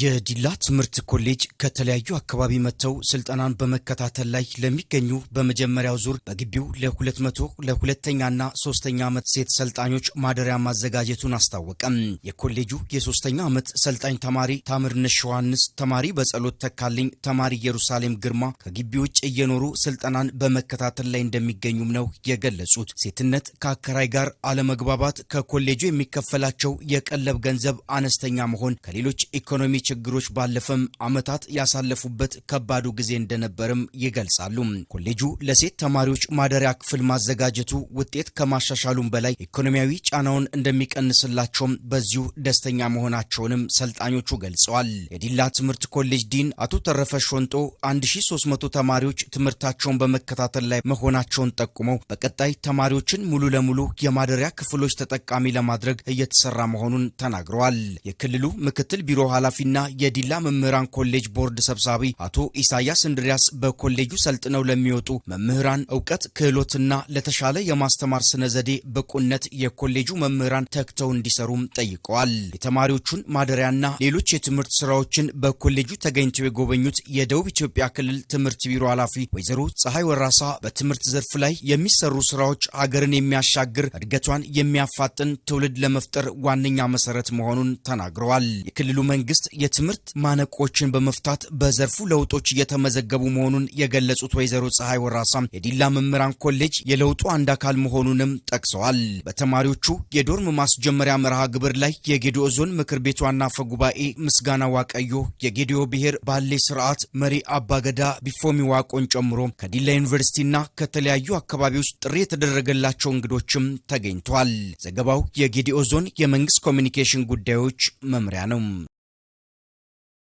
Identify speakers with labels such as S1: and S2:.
S1: የዲላ ትምህርት ኮሌጅ ከተለያዩ አካባቢ መጥተው ስልጠናን በመከታተል ላይ ለሚገኙ በመጀመሪያው ዙር በግቢው ለሁለት መቶ ለሁለተኛና ሶስተኛ ዓመት ሴት ሰልጣኞች ማደሪያ ማዘጋጀቱን አስታወቀም። የኮሌጁ የሶስተኛ ዓመት ሰልጣኝ ተማሪ ታምርነሽ ዮሐንስ፣ ተማሪ በጸሎት ተካልኝ፣ ተማሪ ኢየሩሳሌም ግርማ ከግቢ ውጭ እየኖሩ ስልጠናን በመከታተል ላይ እንደሚገኙም ነው የገለጹት። ሴትነት ከአከራይ ጋር አለመግባባት፣ ከኮሌጁ የሚከፈላቸው የቀለብ ገንዘብ አነስተኛ መሆን፣ ከሌሎች ኢኮኖሚ ችግሮች ባለፈም ዓመታት ያሳለፉበት ከባዱ ጊዜ እንደነበርም ይገልጻሉ። ኮሌጁ ለሴት ተማሪዎች ማደሪያ ክፍል ማዘጋጀቱ ውጤት ከማሻሻሉም በላይ ኢኮኖሚያዊ ጫናውን እንደሚቀንስላቸውም በዚሁ ደስተኛ መሆናቸውንም ሰልጣኞቹ ገልጸዋል። የዲላ ትምህርት ኮሌጅ ዲን አቶ ተረፈ ሾንጦ 1300 ተማሪዎች ትምህርታቸውን በመከታተል ላይ መሆናቸውን ጠቁመው በቀጣይ ተማሪዎችን ሙሉ ለሙሉ የማደሪያ ክፍሎች ተጠቃሚ ለማድረግ እየተሰራ መሆኑን ተናግረዋል። የክልሉ ምክትል ቢሮ ኃላፊ ና የዲላ መምህራን ኮሌጅ ቦርድ ሰብሳቢ አቶ ኢሳያስ እንድሪያስ በኮሌጁ ሰልጥነው ለሚወጡ መምህራን እውቀት፣ ክህሎትና ለተሻለ የማስተማር ስነ ዘዴ በቁነት የኮሌጁ መምህራን ተግተው እንዲሰሩም ጠይቀዋል። የተማሪዎቹን ማደሪያና ሌሎች የትምህርት ስራዎችን በኮሌጁ ተገኝተው የጎበኙት የደቡብ ኢትዮጵያ ክልል ትምህርት ቢሮ ኃላፊ ወይዘሮ ፀሐይ ወራሳ በትምህርት ዘርፍ ላይ የሚሰሩ ስራዎች ሀገርን የሚያሻግር እድገቷን የሚያፋጥን ትውልድ ለመፍጠር ዋነኛ መሰረት መሆኑን ተናግረዋል። የክልሉ መንግስት የትምህርት ማነቆችን በመፍታት በዘርፉ ለውጦች እየተመዘገቡ መሆኑን የገለጹት ወይዘሮ ፀሐይ ወራሳም የዲላ መምህራን ኮሌጅ የለውጡ አንድ አካል መሆኑንም ጠቅሰዋል። በተማሪዎቹ የዶርም ማስጀመሪያ መርሃ ግብር ላይ የጌዲኦ ዞን ምክር ቤት ዋና አፈ ጉባኤ ምስጋና ዋቀዮ፣ የጌዲኦ ብሔር ባሌ ስርዓት መሪ አባገዳ ቢፎሚ ዋቆን ጨምሮ ከዲላ ዩኒቨርሲቲና ከተለያዩ አካባቢዎች ጥሪ የተደረገላቸው እንግዶችም ተገኝቷል። ዘገባው የጌዲኦ ዞን የመንግስት ኮሚኒኬሽን ጉዳዮች መምሪያ ነው።